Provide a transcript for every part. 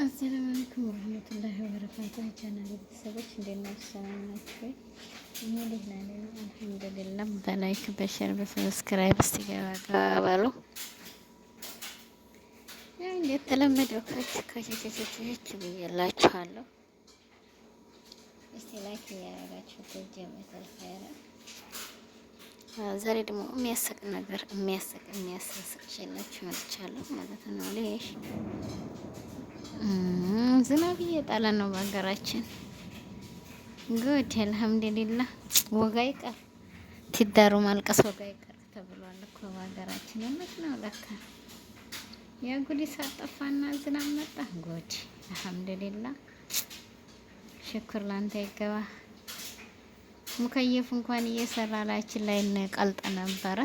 አሰላም አለይኩም ወረህመቱላሂ ወበረካቱህ ቻናል ቤተሰቦች እንዴት ናችሁ? ሰላም ናችሁ እኛ ደህና ነን አልሐምዱሊላህ። በላይክ በሸር በሰብስክራይብ እስቲ ገባ ገባ በሉ። እንደተለመደው ከች ከቸቸቸች ብያላችኋለሁ። እስቲ ላይክ እያደረጋችሁ ተጀመተል ኸይረ ዛሬ ደግሞ የሚያስቅ ነገር የሚያስቅ የሚያሳስቅ ይዤላችሁ መጥቻለሁ ማለት ነው። ሌሽ ዝናብ እየጣለ ነው በሀገራችን። ጉድ አልሐምዱሊላ። ወጋ ይቀር ትዳሩ ማልቀስ ወጋ ይቀር ተብሏል እኮ በሀገራችን። እውነት ነው ለካ የጉድ እሳት ዝናብ መጣ። ጉድ አልሐምዱሊላ። ሽኩር ላንተ ይገባ። ሙከየፍ እንኳን እየሰራ ላችን ላይ እንቀልጥ ነበረ።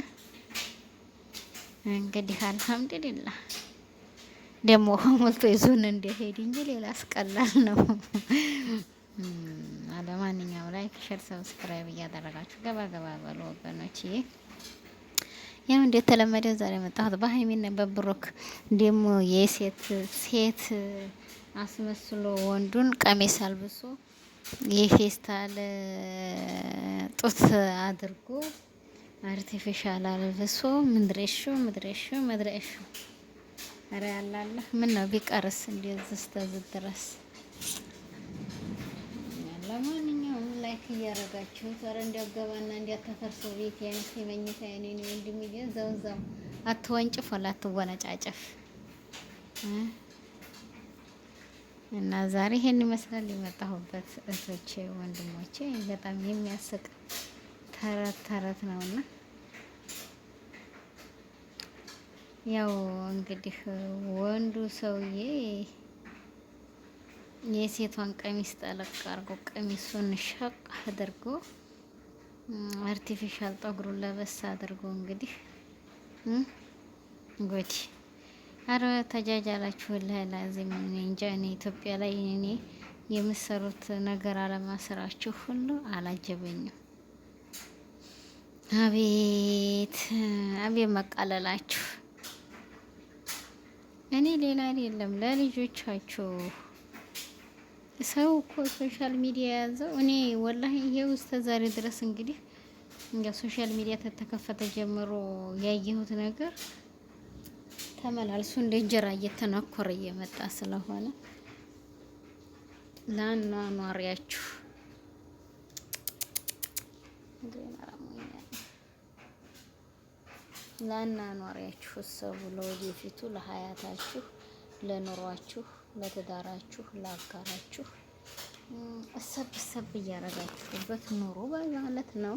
እንግዲህ አልሐምዱሊላህ ደግሞ ሞልቶ ይዞን እንደሄድ እንጂ ሌላ አስቀላል ነው። ለማንኛውም ላይክ፣ ሸር፣ ሰብስክራይብ እያደረጋችሁ ገባ ገባ በሉ ወገኖች። ይሄ ያው እንደተለመደው ዛሬ መጣሁት በሀይሚና በብሩክ ደግሞ የሴት ሴት አስመስሎ ወንዱን ቀሚስ አልብሶ የፌስታል ጡት አድርጎ አርቲፊሻል አልብሶ ምድረሹ ምድረሹ ምድረሹ ኧረ ያላለ ምን ነው ቢቀርስ እንደዚህ እስከዚህ ድረስ ለማንኛውም ላይክ እያደረጋችሁት ኧረ እንዲያገባና እንዲያተፈርሰው ቤት ያንስ የመኝታ ያኔ ነው ወንድምዬ፣ እዛው እዛው አትወንጭፍ ወላ አትወነጫጨፍ። እና ዛሬ ይሄን ይመስላል የመጣሁበት እህቶቼ ወንድሞቼ፣ በጣም የሚያስቅ ተረት ተረት ነውና ያው እንግዲህ ወንዱ ሰውዬ የሴቷን ቀሚስ ጠለቅ አድርጎ ቀሚሱን ሸቅ አድርጎ አርቲፊሻል ጠጉሩን ለበስ አድርጎ እንግዲህ አረ ተጃጃላችሁ እንጃ። እኔ ኢትዮጵያ ላይ እኔ የምሰሩት ነገር አለማሰራችሁ ሁሉ አላጀበኝም። አቤት አቤት መቃለላችሁ እኔ ሌላ አይደለም ለልጆቻችሁ ሰው እኮ ሶሻል ሚዲያ የያዘው እኔ ወላሂ ይሄው እስከ ዛሬ ድረስ እንግዲህ እንግዲህ ሶሻል ሚዲያ ተተከፈተ ጀምሮ ያየሁት ነገር ተመላልሶ እንደ እንጀራ እየተናኮረ እየመጣ ስለሆነ ለአኗኗሪያችሁ ለአናኗሪያችሁ እሰቡ፣ ለወደፊቱ ለሀያታችሁ፣ ለኑሯችሁ፣ ለትዳራችሁ፣ ለአጋራችሁ እሰብ እሰብ እያረጋችሁበት ኑሩ በማለት ነው።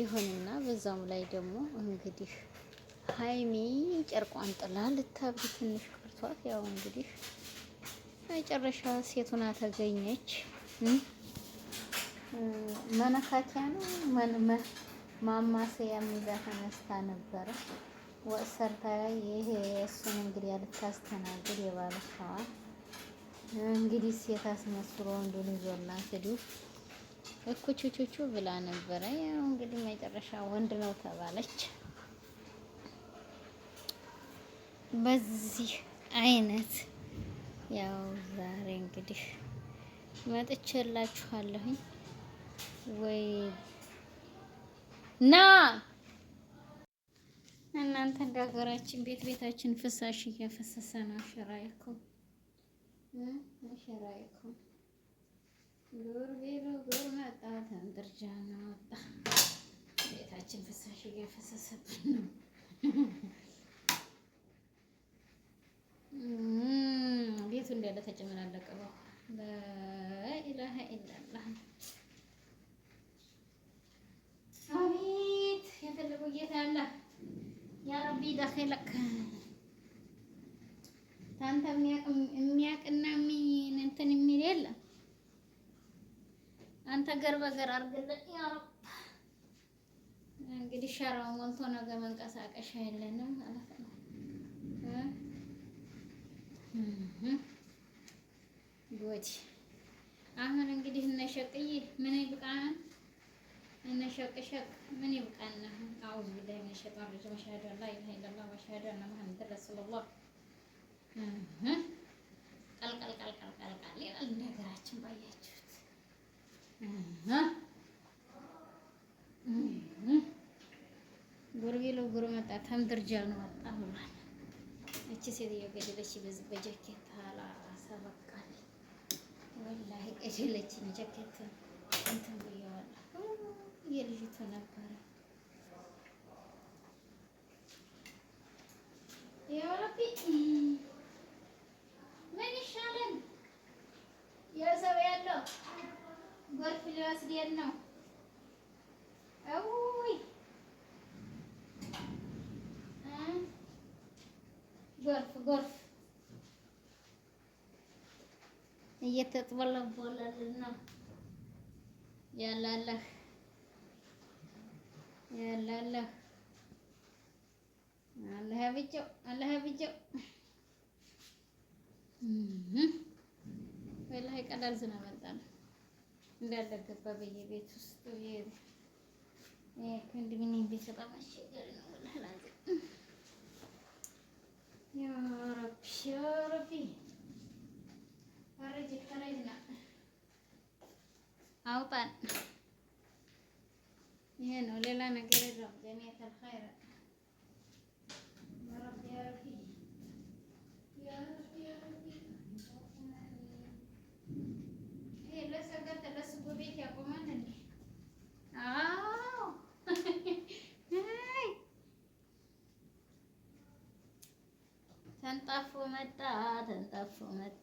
ይሁንና በዛም ላይ ደግሞ እንግዲህ ሀይሚ ጨርቋን ጥላ ልታብድ ትንሽ ቀርቷት፣ ያው እንግዲህ መጨረሻ ሴቱና ተገኘች። መነካኪያ ነው ማማሰያም ይዛ ተነስታ ነበረ ወጥ ሰርታ ይሄ እሱን እንግዲህ ያልታስተናግድ የባለፈዋል እንግዲህ ሴት አስመስሎ ወንዱን ይዞላት እኮ እኩቹቹቹ ብላ ነበረ። ያው እንግዲህ መጨረሻ ወንድ ነው ተባለች። በዚህ አይነት ያው ዛሬ እንግዲህ መጥቼላችኋለሁኝ ወይ ና እናንተ እንደ ሀገራችን ቤት ቤታችን ፍሳሽ እያፈሰሰ ነው። አሸራይኩም አሸራይኩም ዱር ቤሎ ዱር መጣ ተንጥርጃ ነው ወጣ ቤታችን ፍሳሽ እያፈሰሰብን ነው። ቤቱ እንዳለ ተጨመላለቀ። ላኢላሀ ኢላላህ ያ ረቢ ደኸለክ ታንተ የሚያቅና እንትን የሚል የለም። አንተ ገር በገር አድርግልን ያ ረብ። እንግዲህ ሸራው ሞልቶ ነገ መንቀሳቀሻ የለንም ማለት ነው። ጉድ አሁን እንግዲህ እነ ሸቅዬ ምን ይብቃን? ሸቅ ምን ይብቃና አውዝ ቢላ ምንሸጣን ረጅ መሻሄዱ ላ ላ ላ መሻሄዱ ና መሐመድ ረሱሉላህ ቀልቀልቀልቀልቀልቀል ይላል ነገራችን። ባያችሁት ጉር ቢሉ ጉር መጣ ተምድርጃል ነው ወጣ ብሏል። እቺ ሴትዮ ገደለች። በዚህ በጃኬት አላሰበቃል ወላሂ ገደለች። ጃኬት እንትን ብያ ያልፍ ነበረ። ያረቢ ምን ይሻለን? የሰው ያለው ጎርፍ ሊወስደን ነው። ጎርፍ ጎርፍ እየተጥበለበለልን ነው ያላለህ ያላለህ ቀላል ዝናብ መጣ ነው እንዳለገባ በየቤት ውስጥ ኮንዶሚኒየም ቤት በጣም አስቸጋሪ ነው። ወላሂ ያ ረቢ ያ ረቢ አውጣን ይሄ ነው። ሌላ ነገር የለውም። ጀሚዓተል ኸይር ተንጣፎ መጣ ተንጣፎ መጣ።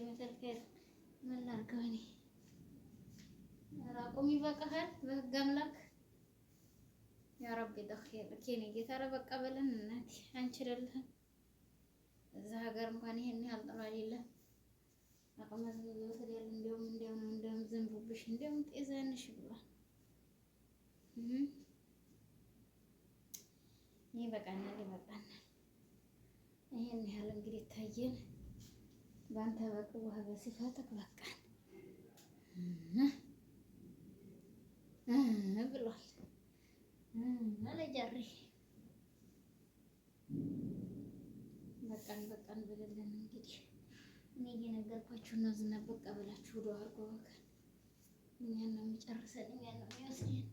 እንደዚህ መከልከል ምን ላድርገው እኔ። አቁም ይበቃሃል። በህግ አምላክ ያ ረቢ ደኸይርክ የእኔ ጌታ። በቃ በለን እናቴ። አንቺ አይደለህም እዛ ሀገር እንኳን ይሄን ያህል ጥሏል የለም አቅመ ዝም ብሎ ስላለ እንደውም እንደውም እንደውም ዘንቡብሽ ጤዛንሽ ብሏል። ይበቃናል ይበቃናል። ይሄን ያህል እንግዲህ ታየን። በአንተ በቅቡህ በሲፋትህ በቃን ብሏል አለጃሪ በቃን በቃን ብለለን እንግዲህ እኔ እየነገርኳችሁ እና ዝናብ በቃ ብላችሁ ወደ አርጎ እኛን ነው የሚጨርሰን፣ እኛን ነው የሚወስደን፣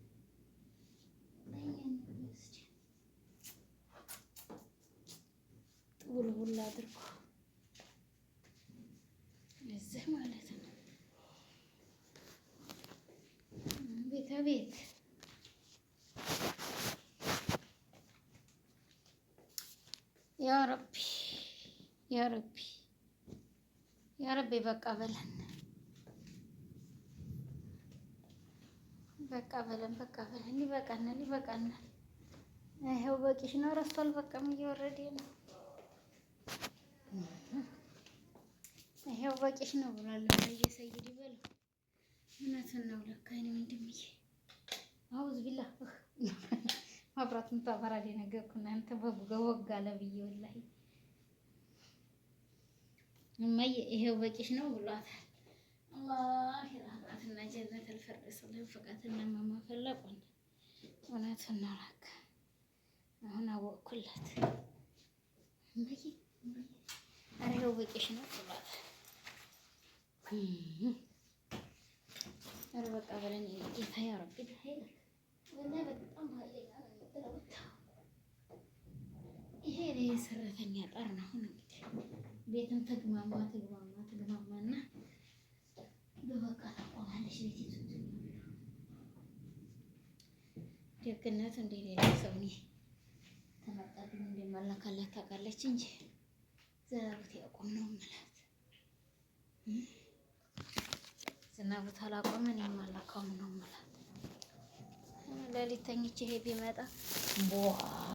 እኛን ነው የሚወስደን ጥውል ሁላ አድርጎ እንደዚህ ማለት ነው። ቤት ቤት ያ ረቢ ያ ረቢ ያ ረቢ በቃ በለን በቃ በለን በቃ በለን ሊበቃናል ሊበቃናል። ይኸው በቂሽ ነው። ረስቷል። በቃም እየወረደ ነው። ይሄው በቂሽ ነው ብሏል። እየሰይድ ይበል እውነቱን ነው ለካ እኔ ወንድምዬ አውዝ ቢላ ማብራት ምታፈራ ደነገርኩ። እናንተ በወግ አለ ብዬ ወላሂ እማዬ ይሄው በቂሽ ነው ብሏታል። አላህ ይራህራትና ጀነት አልፈርደስ ለፍቃትና ማማፈለቁን እውነቱን ነው ለካ አሁን አወቅኩላት እማዬ ይሄው በቂሽ ነው ብሏታል። ኧረ በቃ በለኝ ጌታ ነው። ይሄ የሰራተኛ ጣር ነው። አሁን እንግዲህ ቤትም ተግማማ ተግማማ በበቃ ታቆማለች ቤት ደግነቱ እንደ ሌላ ሰው እኔ ተመጣጥኝ እንደማላካላት ታውቃለች እንጂ ዘራበት ያቆም ነው ዝናቡት አላቆመን የማላካውም ነው ማለት ለሊተኝች ይሄ ቢመጣ